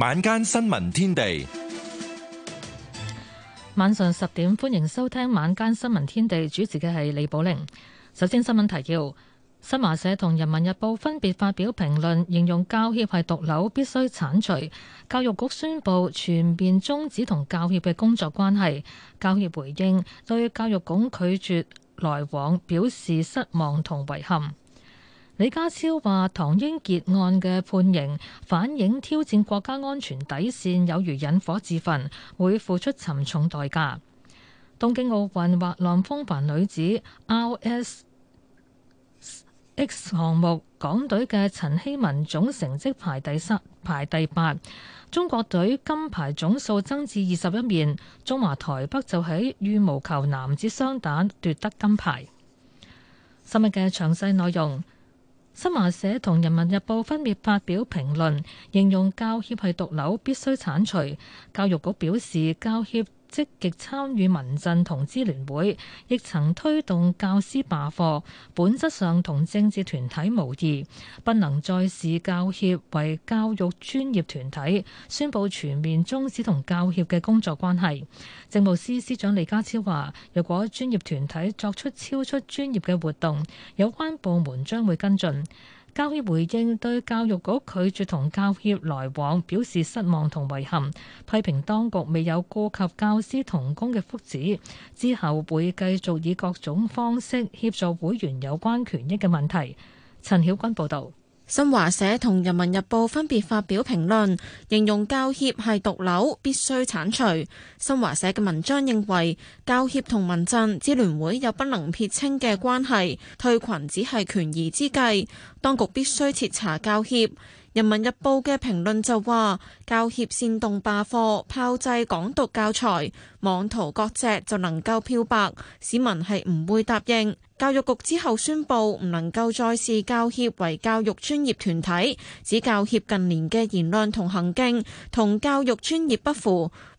晚間新聞天地，晚上十點歡迎收聽晚間新聞天地，主持嘅係李寶玲。首先新聞提要：新華社同人民日報分別發表評論，形容教協係毒瘤，必須鏟除。教育局宣布全面終止同教協嘅工作關係。教協回應對教育局拒絕來往表示失望同遺憾。李家超話唐英傑案嘅判刑，反映挑戰國家安全底線，有如引火自焚，會付出沉重代價。東京奧運滑浪風帆女子 R S X 項目，港隊嘅陳希文總成績排第三，排第八。中國隊金牌總數增至二十一面。中華台北就喺羽毛球男子雙打奪得金牌。今日嘅詳細內容。《新華社》同《人民日報》分別發表評論，形容教協係毒瘤，必須剷除。教育局表示，教協積極參與民陣同支聯會，亦曾推動教師罷課，本質上同政治團體無異，不能再視教協為教育專業團體，宣布全面終止同教協嘅工作關係。政務司司長李家超話，若果專業團體作出超出專業嘅活動，有關部門將會跟進。教協回應對教育局拒絕同教協來往表示失望同遺憾，批評當局未有顧及教師同工嘅福祉，之後會繼續以各種方式協助會員有關權益嘅問題。陳曉君報導。新華社同《人民日報》分別發表評論，形容教協係毒瘤，必須鏟除。新華社嘅文章認為，教協同民陣支聯會有不能撇清嘅關係，退群只係權宜之計，當局必須徹查教協。《人民日報》嘅評論就話：教協煽動罷課、炮製港獨教材、妄圖割席，就能夠漂白，市民係唔會答應。教育局之後宣布，唔能夠再視教協為教育專業團體，指教協近年嘅言論同行徑同教育專業不符。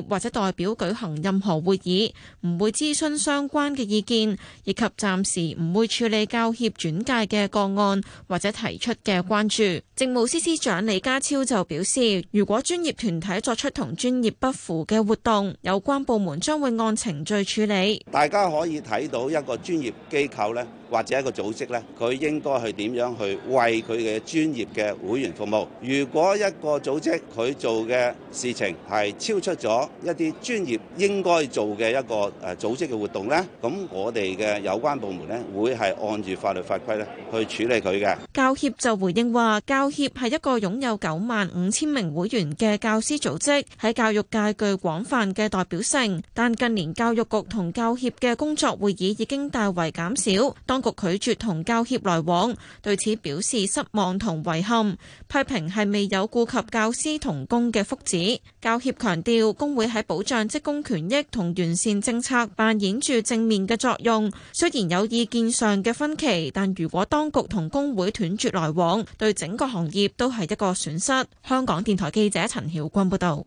或或者代表舉行任何會議，唔會諮詢相關嘅意見，以及暫時唔會處理教協轉介嘅個案或者提出嘅關注。政務司司長李家超就表示，如果專業團體作出同專業不符嘅活動，有關部門將會按程序處理。大家可以睇到一個專業機構咧，或者一個組織咧，佢應該去點樣去為佢嘅專業嘅會員服務，如果一個組織佢做嘅事情係超出咗。一啲專業應該做嘅一個誒組織嘅活動咧，咁我哋嘅有關部門咧會係按住法律法規咧去處理佢嘅。教協就回應話，教協係一個擁有九萬五千名會員嘅教師組織，喺教育界具廣泛嘅代表性。但近年教育局同教協嘅工作會議已經大為減少，當局拒絕同教協來往，對此表示失望同遺憾，批評係未有顧及教師同工嘅福祉。教協強調工會喺保障職工權益同完善政策扮演住正面嘅作用。雖然有意見上嘅分歧，但如果當局同工會斷絕來往，對整個行業都係一個損失。香港電台記者陳曉君報道。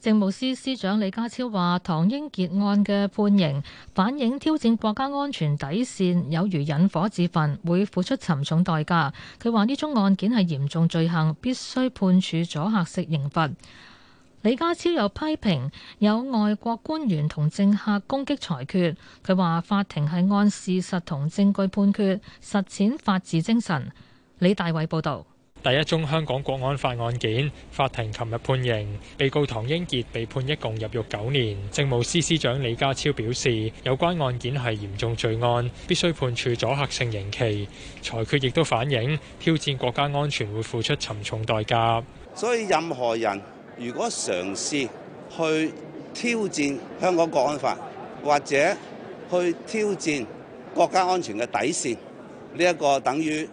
政務司司長李家超話，唐英傑案嘅判刑反映挑戰國家安全底線，有如引火自焚，會付出沉重代價。佢話呢宗案件係嚴重罪行，必須判處阻嚇式刑罰。李家超有批評，有外國官員同政客攻擊裁決，佢話法庭係按事實同證據判決，實踐法治精神。李大偉報道，第一宗香港國安法案件法庭琴日判刑，被告唐英傑被判一共入獄九年。政務司司長李家超表示，有關案件係嚴重罪案，必須判處阻嚇性刑期。裁決亦都反映挑戰國家安全會付出沉重代價，所以任何人。如果嘗試去挑戰香港國安法，或者去挑戰國家安全嘅底線，呢一個等於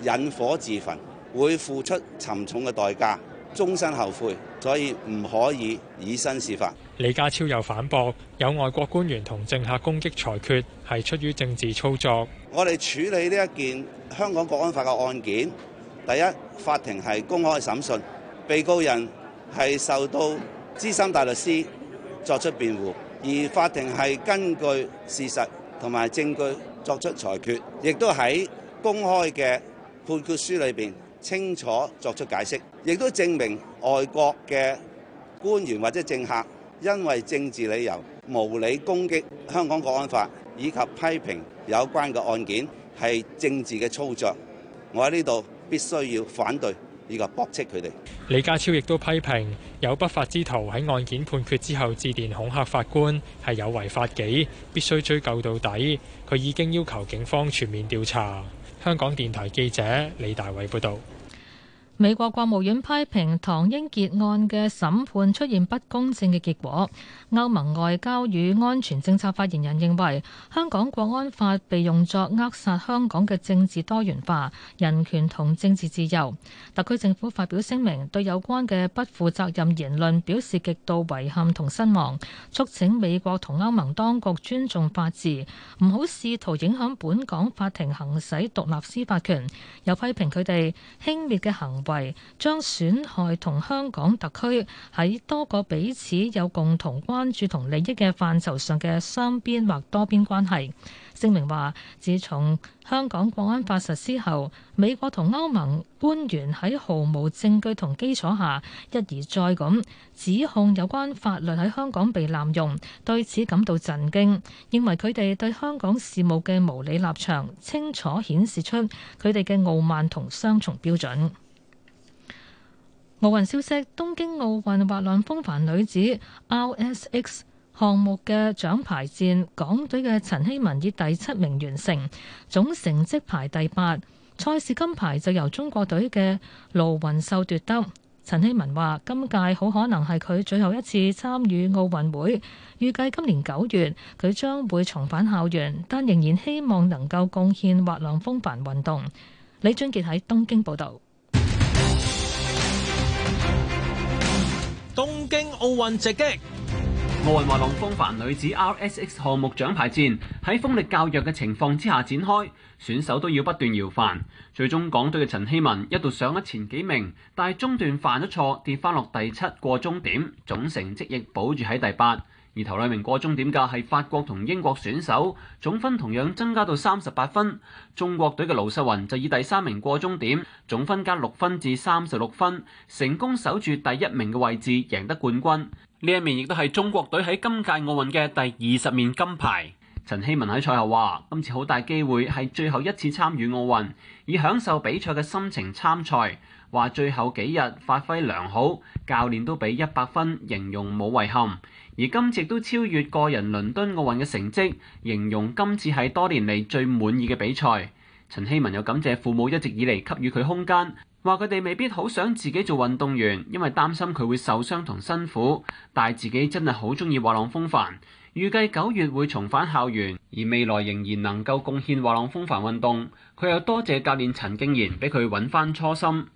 引火自焚，會付出沉重嘅代價，終身後悔，所以唔可以以身試法。李家超又反駁，有外國官員同政客攻擊裁決係出於政治操作。我哋處理呢一件香港國安法嘅案件，第一法庭係公開審訊被告人。係受到資深大律師作出辯護，而法庭係根據事實同埋證據作出裁決，亦都喺公開嘅判決書裏邊清楚作出解釋，亦都證明外國嘅官員或者政客因為政治理由無理攻擊香港《國安法》以及批評有關嘅案件係政治嘅操作。我喺呢度必須要反對。呢個駁斥佢哋。李家超亦都批評有不法之徒喺案件判決之後致電恐嚇法官，係有違法紀，必須追究到底。佢已經要求警方全面調查。香港電台記者李大偉報道。美國國務院批評唐英傑案嘅審判出現不公正嘅結果。歐盟外交與安全政策發言人認為，香港國安法被用作扼殺香港嘅政治多元化、人權同政治自由。特區政府發表聲明，對有關嘅不負責任言論表示極度遺憾同失望，促請美國同歐盟當局尊重法治，唔好試圖影響本港法庭行使獨立司法權。又批評佢哋輕蔑嘅行為。為將損害同香港特區喺多個彼此有共同關注同利益嘅範疇上嘅雙邊或多邊關係。聲明話，自從香港國安法實施後，美國同歐盟官員喺毫無證據同基礎下一而再咁指控有關法律喺香港被濫用，對此感到震驚，認為佢哋對香港事務嘅無理立場清楚顯示出佢哋嘅傲慢同雙重標準。奧運消息：東京奧運滑浪風帆女子 RSX 項目嘅獎牌戰，港隊嘅陳希文以第七名完成，總成績排第八。賽事金牌就由中國隊嘅盧雲秀奪得。陳希文話：今屆好可能係佢最後一次參與奧運會，預計今年九月佢將會重返校園，但仍然希望能夠貢獻滑浪風帆運動。李俊傑喺東京報道。奧運直擊，奧運滑浪風帆女子 RSX 項目獎牌戰喺風力較弱嘅情況之下展開，選手都要不斷搖帆，最終港隊嘅陳希文一度上咗前幾名，但係中段犯咗錯，跌翻落第七過終點，過終點總成績亦保住喺第八。而頭兩名過終點嘅係法國同英國選手，總分同樣增加到三十八分。中國隊嘅盧世雲就以第三名過終點，總分加六分至三十六分，成功守住第一名嘅位置，贏得冠軍。呢一面亦都係中國隊喺今屆奧運嘅第二十面金牌。陳希文喺賽後話：今次好大機會，係最後一次參與奧運，以享受比賽嘅心情參賽。話最後幾日發揮良好，教練都俾一百分，形容冇遺憾。而今次都超越個人倫敦奧運嘅成績，形容今次係多年嚟最滿意嘅比賽。陳希文又感謝父母一直以嚟給予佢空間，話佢哋未必好想自己做運動員，因為擔心佢會受傷同辛苦，但係自己真係好中意滑浪風帆。預計九月會重返校園，而未來仍然能夠貢獻滑浪風帆運動。佢又多謝教練陳敬賢，俾佢揾返初心。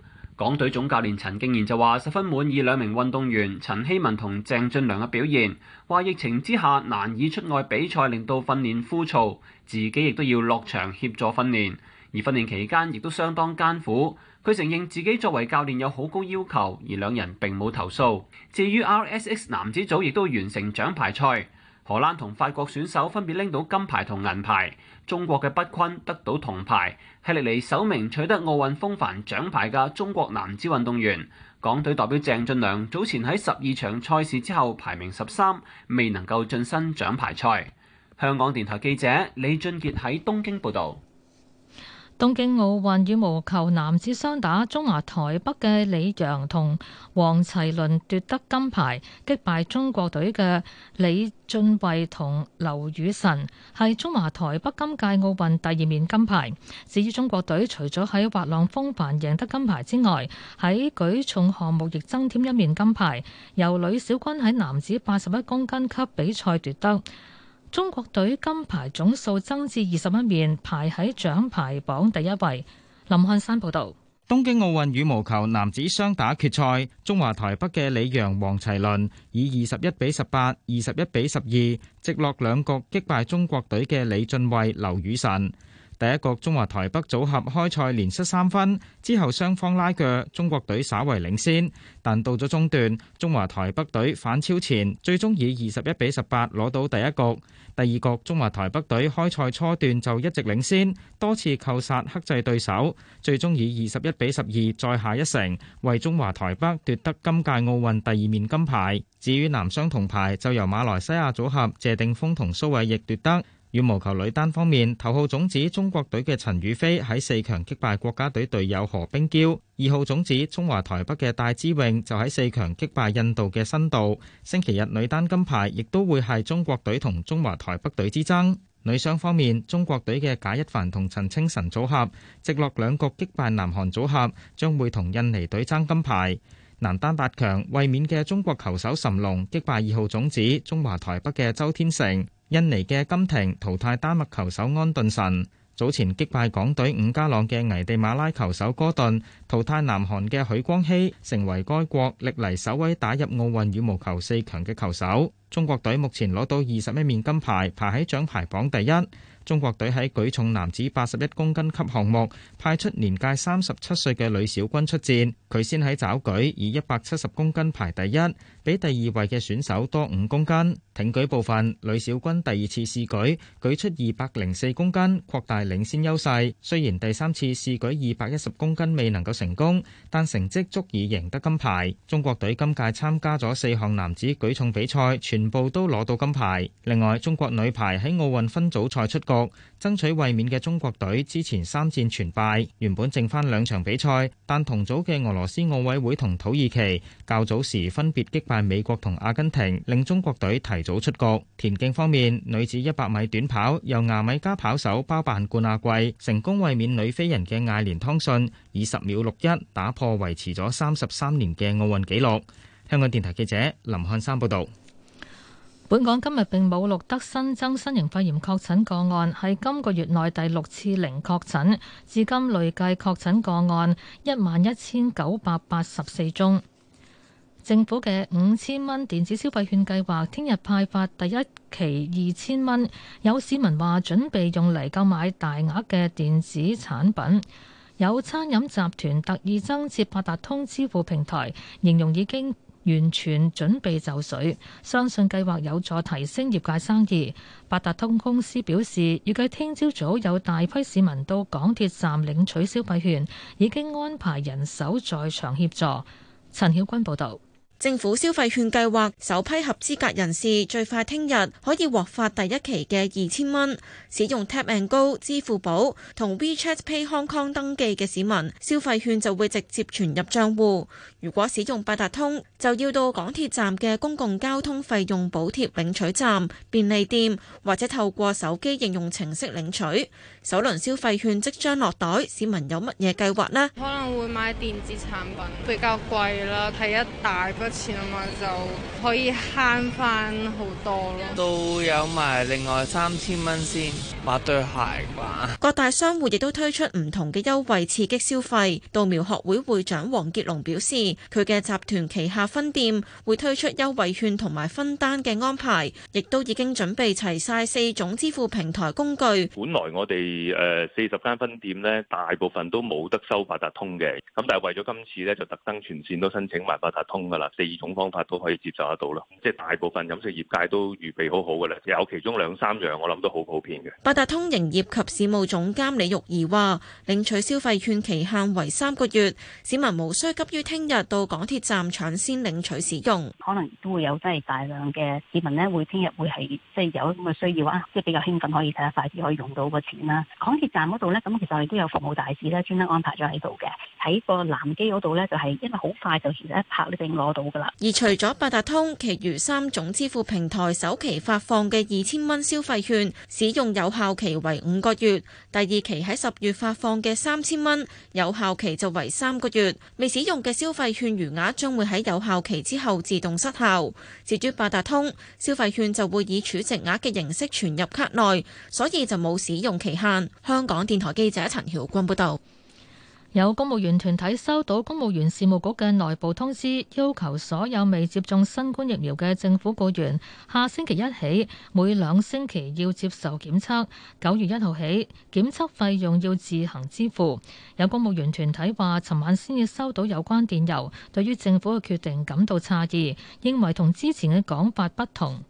港隊總教練陳敬賢就話十分滿意兩名運動員陳希文同鄭俊良嘅表現，話疫情之下難以出外比賽，令到訓練枯燥，自己亦都要落場協助訓練，而訓練期間亦都相當艱苦。佢承認自己作為教練有好高要求，而兩人並冇投訴。至於 RSX 男子組亦都完成獎牌賽，荷蘭同法國選手分別拎到金牌同銀牌。中國嘅畢焜得到銅牌，係歷嚟首名取得奧運風帆獎牌嘅中國男子運動員。港隊代表鄭俊良早前喺十二場賽事之後排名十三，未能夠晉身獎牌賽。香港電台記者李俊傑喺東京報導。東京奧運羽毛球男子雙打，中華台北嘅李洋同王齊麟奪得金牌，擊敗中國隊嘅李俊慧同劉雨辰，係中華台北今屆奧運第二面金牌。至於中國隊除咗喺滑浪風帆贏得金牌之外，喺舉重項目亦增添一面金牌，由呂小軍喺男子八十一公斤級比賽奪得。中國隊金牌總數增至二十一面，排喺獎牌榜第一位。林漢山報導。東京奧運羽毛球男子雙打決賽，中華台北嘅李洋王齊麟以二十一比十八、二十一比十二，直落兩局擊敗中國隊嘅李俊慧劉雨辰。第一局中華台北組合開賽連失三分，之後雙方拉鋸，中國隊稍為領先，但到咗中段，中華台北隊反超前，最終以二十一比十八攞到第一局。第二局中華台北隊開賽初段就一直領先，多次扣殺克制對手，最終以二十一比十二再下一城，為中華台北奪得今屆奧運第二面金牌。至於男雙銅牌就由馬來西亞組合謝定峰同蘇偉譯奪得。羽毛球女單方面，頭號種子中國隊嘅陳雨菲喺四強擊敗國家隊隊友何冰嬌；二號種子中華台北嘅戴資穎就喺四強擊敗印度嘅辛杜。星期日女單金牌亦都會係中國隊同中華台北隊之爭。女雙方面，中國隊嘅賈一凡同陳清晨組合直落兩局擊敗南韓組合，將會同印尼隊爭金牌。男單八強衛冕嘅中國球手諶龍擊敗二號種子中華台北嘅周天成。印尼嘅金廷淘汰丹麥球手安頓神，早前擊敗港隊伍家朗嘅危地馬拉球手哥頓，淘汰南韓嘅許光熙，成為該國歷嚟首位打入奧運羽毛球四強嘅球手。中國隊目前攞到二十一面金牌，排喺獎牌榜第一。中國隊喺舉重男子八十一公斤級項目，派出年屆三十七歲嘅呂小軍出戰，佢先喺抓舉以一百七十公斤排第一，比第二位嘅選手多五公斤。挺舉部分，呂小軍第二次試舉舉出二百零四公斤，擴大領先優勢。雖然第三次試舉二百一十公斤未能夠成功，但成績足以贏得金牌。中國隊今屆參加咗四項男子舉重比賽，全部都攞到金牌。另外，中國女排喺奧運分組賽出局。爭取衛冕嘅中國隊之前三戰全敗，原本剩返兩場比賽，但同組嘅俄羅斯奧委會同土耳其較早時分別擊敗美國同阿根廷，令中國隊提早出局。田徑方面，女子一百米短跑由牙買加跑手包辦冠亞季，成功衛冕女飛人嘅艾蓮湯信，以十秒六一打破維持咗三十三年嘅奧運紀錄。香港電台記者林漢山報道。本港今日並冇錄得新增新型肺炎確診個案，係今個月內第六次零確診，至今累計確診個案一萬一千九百八十四宗。政府嘅五千蚊電子消費券計劃，聽日派發第一期二千蚊，有市民話準備用嚟購買大額嘅電子產品。有餐飲集團特意增設八達通支付平台，形容已經完全準備就緒，相信計劃有助提升業界生意。八達通公司表示，預計聽朝早有大批市民到港鐵站領取消費券，已經安排人手在場協助。陳曉君報導。政府消費券計劃首批合資格人士最快聽日可以獲發第一期嘅二千蚊，使用 Tap and Go、支付寶同 WeChat Pay Hong Kong 登記嘅市民，消費券就會直接存入帳戶；如果使用八達通，就要到港鐵站嘅公共交通費用補貼領取站、便利店或者透過手機應用程式領取。首輪消費券即將落袋，市民有乜嘢計劃呢？可能會買電子產品比較貴啦，睇一大筆錢啊嘛，就可以慳翻好多咯。都有埋另外三千蚊先買對鞋啩。各大商戶亦都推出唔同嘅優惠刺激消費。稻苗學會會長黃傑龍表示，佢嘅集團旗下分店會推出優惠券同埋分單嘅安排，亦都已經準備齊晒四種支付平台工具。本來我哋而誒四十間分店咧，大部分都冇得收八達通嘅，咁但係為咗今次咧，就特登全線都申請埋八達通噶啦，四種方法都可以接受得到啦。即係大部分飲食業界都預備好好嘅啦，有其中兩三樣，我諗都好普遍嘅。八達通營業及市務總監李玉兒話：領取消費券期限為三個月，市民無需急於聽日到港鐵站搶先領取使用。可能都會有即係大量嘅市民咧，會聽日會係即係有咁嘅需要啊，即係比較興奮，可以睇得快啲可以用到個錢啦。港鐵站嗰度咧，咁其實我哋都有服務大使咧，專登安排咗喺度嘅，喺個南機嗰度咧，就係因為好快就其實一拍咧，就已經攞到噶啦。而除咗八達通，其餘三種支付平台首期發放嘅二千蚊消費券，使用有效期為五個月；第二期喺十月發放嘅三千蚊，有效期就為三個月。未使用嘅消費券餘額將會喺有效期之後自動失效。至於八達通消費券就會以儲值額嘅形式存入卡內，所以就冇使用期限。香港電台記者陳曉君報道，有公務員團體收到公務員事務局嘅內部通知，要求所有未接種新冠疫苗嘅政府僱員下星期一起，每兩星期要接受檢測。九月一號起，檢測費用要自行支付。有公務員團體話，尋晚先至收到有關電郵，對於政府嘅決定感到詫異，認為同之前嘅講法不同。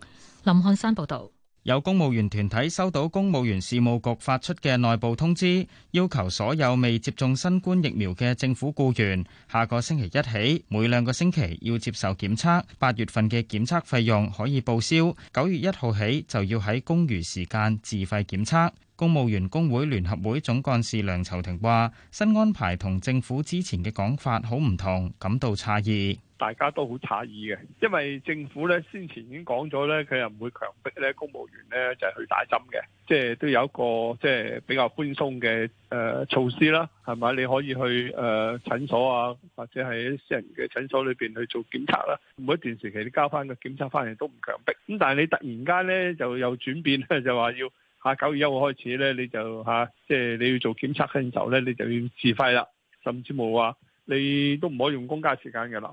林漢山報道。有公務員團體收到公務員事務局發出嘅內部通知，要求所有未接種新冠疫苗嘅政府僱員，下個星期一起每兩個星期要接受檢測，八月份嘅檢測費用可以報銷，九月一號起就要喺公餘時間自費檢測。公務員工會聯合會總幹事梁籌庭話：新安排同政府之前嘅講法好唔同，感到詫異。大家都好詫異嘅，因為政府咧先前已經講咗咧，佢又唔會強迫咧公務員咧就係去打針嘅，即係都有一個即係比較寬鬆嘅誒措施啦，係咪？你可以去誒診、呃、所啊，或者係私人嘅診所裏邊去做檢測啦。每一段時期你交翻個檢測翻嚟都唔強迫，咁但係你突然間咧就有轉變咧，就話要下九月一號開始咧你就嚇、啊，即係你要做檢測嗰陣時候咧你就要自費啦，甚至冇話你都唔可以用公家時間嘅啦。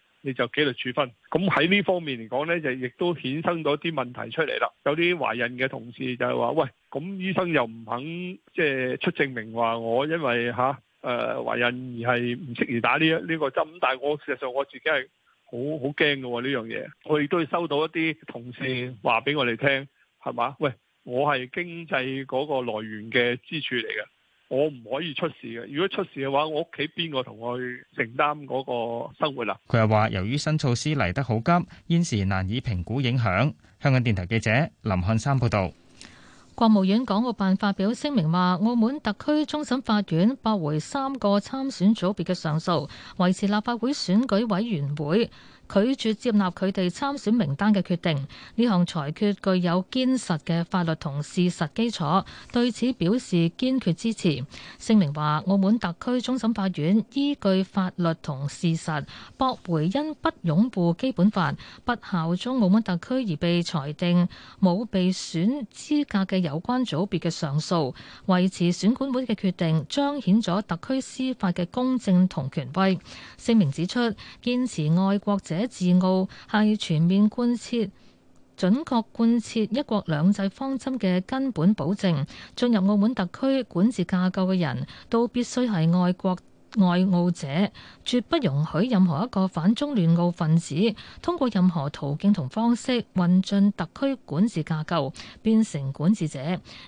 你就紀律處分，咁喺呢方面嚟講呢，就亦都衍生咗啲問題出嚟啦。有啲懷孕嘅同事就係話：喂，咁醫生又唔肯即係出證明話我因為嚇誒懷孕而係唔適宜打呢一呢個針。但係我事實上我自己係好好驚㗎喎。呢樣嘢。我亦都收到一啲同事話俾我哋聽，係嘛、嗯？喂，我係經濟嗰個來源嘅支柱嚟嘅。我唔可以出事嘅，如果出事嘅話，我屋企邊個同我去承擔嗰個生活啦，啊？佢又話，由於新措施嚟得好急，現時難以評估影響。香港電台記者林漢山報道。國務院港澳辦發表聲明話，澳門特區終審法院駁回三個參選組別嘅上訴，維持立法會選舉委員會。拒絕接納佢哋參選名單嘅決定，呢項裁決具有堅實嘅法律同事實基礎，對此表示堅決支持。聲明話，澳門特區終審法院依據法律同事實，駁回因不擁護基本法、不效忠澳門特區而被裁定冇被選資格嘅有關組別嘅上訴，維持選管會嘅決定，彰顯咗特區司法嘅公正同權威。聲明指出，堅持愛國者。自澳係全面貫徹準確貫徹一國兩制方針嘅根本保證，進入澳門特區管治架構嘅人都必須係愛國愛澳者，絕不容許任何一個反中亂澳分子通過任何途徑同方式混進特區管治架構變成管治者。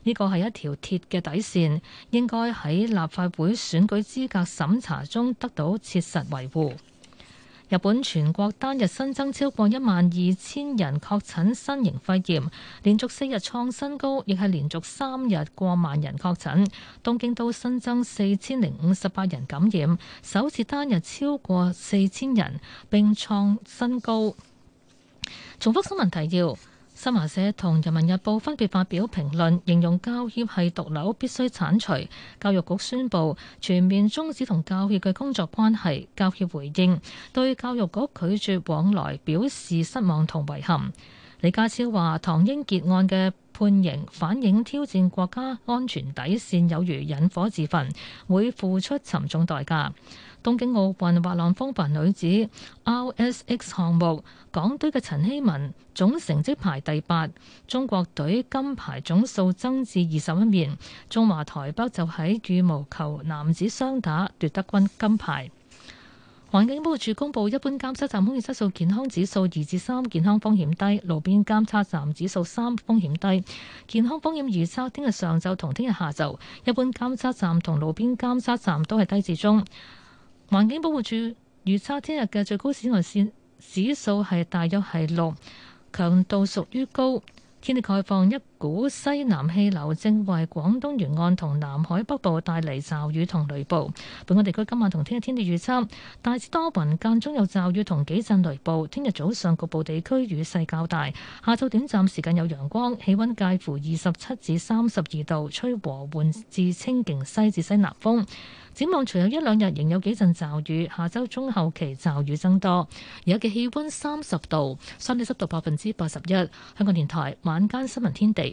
呢個係一條鐵嘅底線，應該喺立法會選舉資格審查中得到切實維護。日本全國單日新增超過一萬二千人確診新型肺炎，連續四日創新高，亦係連續三日過萬人確診。東京都新增四千零五十八人感染，首次單日超過四千人，並創新高。重複新聞提要。新華社同《人民日報》分別發表評論，形容教協係毒瘤，必須鏟除。教育局宣布全面終止同教協嘅工作關係。教協回應對教育局拒絕往來表示失望同遺憾。李家超話：唐英傑案嘅判刑反映挑戰國家安全底線，有如引火自焚，會付出沉重代價。東京奧運滑浪風帆女子 R.S.X 項目，港隊嘅陳希文總成績排第八。中國隊金牌總數增至二十一面。中華台北就喺羽毛球男子雙打奪得軍金牌。環境保護署公布，一般監測站空氣質素健康指數二至三，健康風險低；路邊監測站指數三，風險低。健康風險預測，聽日上晝同聽日下晝，一般監測站同路邊監測站都係低至中。環境保護署預測聽日嘅最高紫外線指數係大約係六，強度屬於高，天氣概況一。古西南氣流正為廣東沿岸同南海北部帶嚟驟雨同雷暴。本港地區今晚同聽日天氣預測，大致多雲間中有驟雨同幾陣雷暴。聽日早上局部地區雨勢較大，下晝短暫時間有陽光，氣温介乎二十七至三十二度，吹和緩至清勁西至西南風。展望隨後一兩日仍有幾陣驟雨，下週中後期驟雨增多。而家嘅氣温三十度，相對濕度百分之八十一。香港電台晚間新聞天地。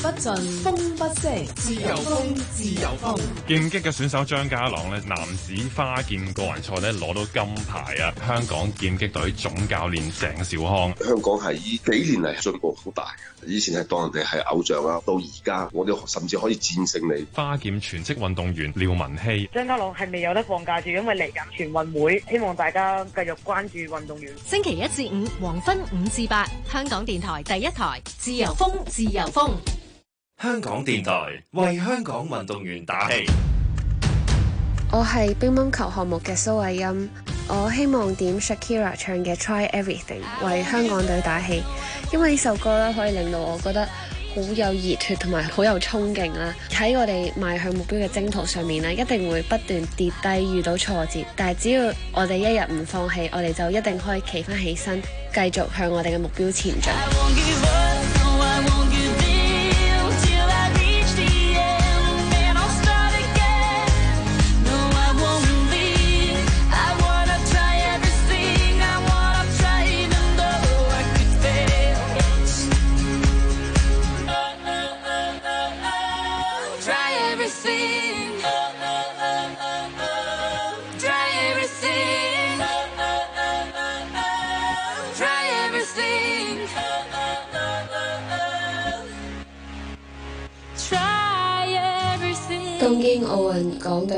不盡風不息，自由風，自由風。劍擊嘅選手張家朗呢，男子花劍個人賽呢，攞到金牌啊！香港劍擊隊總教練鄭兆康，香港係呢幾年嚟進步好大，以前係當人哋係偶像啦，到而家我哋甚至可以戰勝你。花劍全職運動員廖文希，張家朗係未有得放假住，因為嚟緊全運會，希望大家繼續關注運動員。星期一至五黃昏五至八，香港電台第一台，自由風，自由風。 香港電台為香港運動員打氣。我係乒乓球項目嘅蘇慧音，我希望點 Shakira 唱嘅 Try Everything 為香港隊打氣，因為呢首歌啦可以令到我覺得好有熱血同埋好有衝勁啦。喺我哋邁向目標嘅征途上面啦，一定會不斷跌低，遇到挫折，但係只要我哋一日唔放棄，我哋就一定可以企翻起身，繼續向我哋嘅目標前進。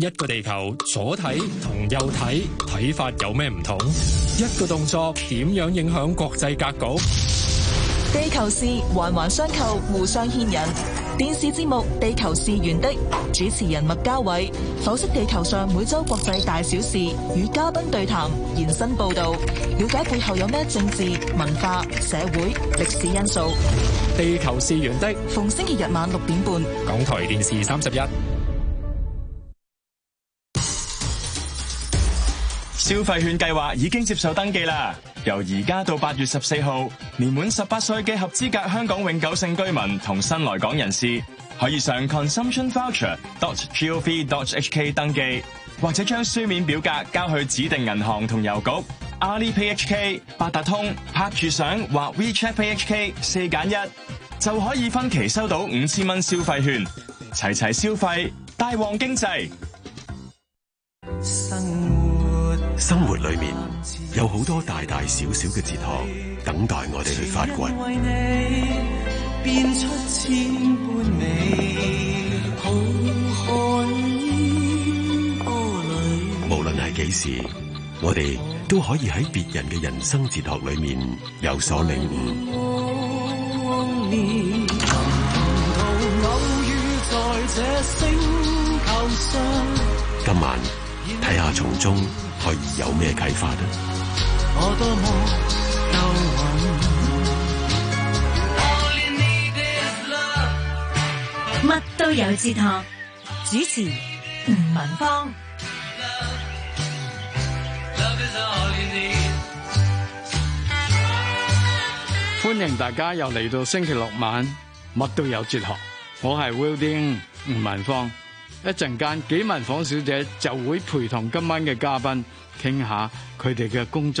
一個地球左睇，同右睇睇法有咩唔同？一個動作點樣影響國際格局？地球是環環相扣、互相牽引。電視節目《地球是圓的》，主持人麥嘉偉剖析地球上每週國際大小事，與嘉賓對談延伸報道，了解背後有咩政治、文化、社會、歷史因素。地球是圓的，逢星期日晚六點半，港台電視三十一。消費券計劃已經接受登記啦！由而家到八月十四號，年滿十八歲嘅合資格香港永久性居民同新來港人士，可以上 consumptionvoucher.dot.gov.dot.hk 登記，或者將書面表格交去指定銀行同郵局，AlipayHK、k, 八達通拍住相或 WeChat PHK 四揀一，1, 就可以分期收到五千蚊消費券，齊齊消費，大旺經濟。生活裡面有好多大大小小嘅哲學，等待我哋去發掘。無論係幾時，我哋都可以喺別人嘅人生哲學裡面有所領悟。今晚睇下從中。有咩啟發？乜都有哲學，主持吳文芳，歡迎大家又嚟到星期六晚，乜都有哲學，我係 Willie 吳文芳。一陣間，紀文房小姐就會陪同今晚嘅嘉賓傾下佢哋嘅工作。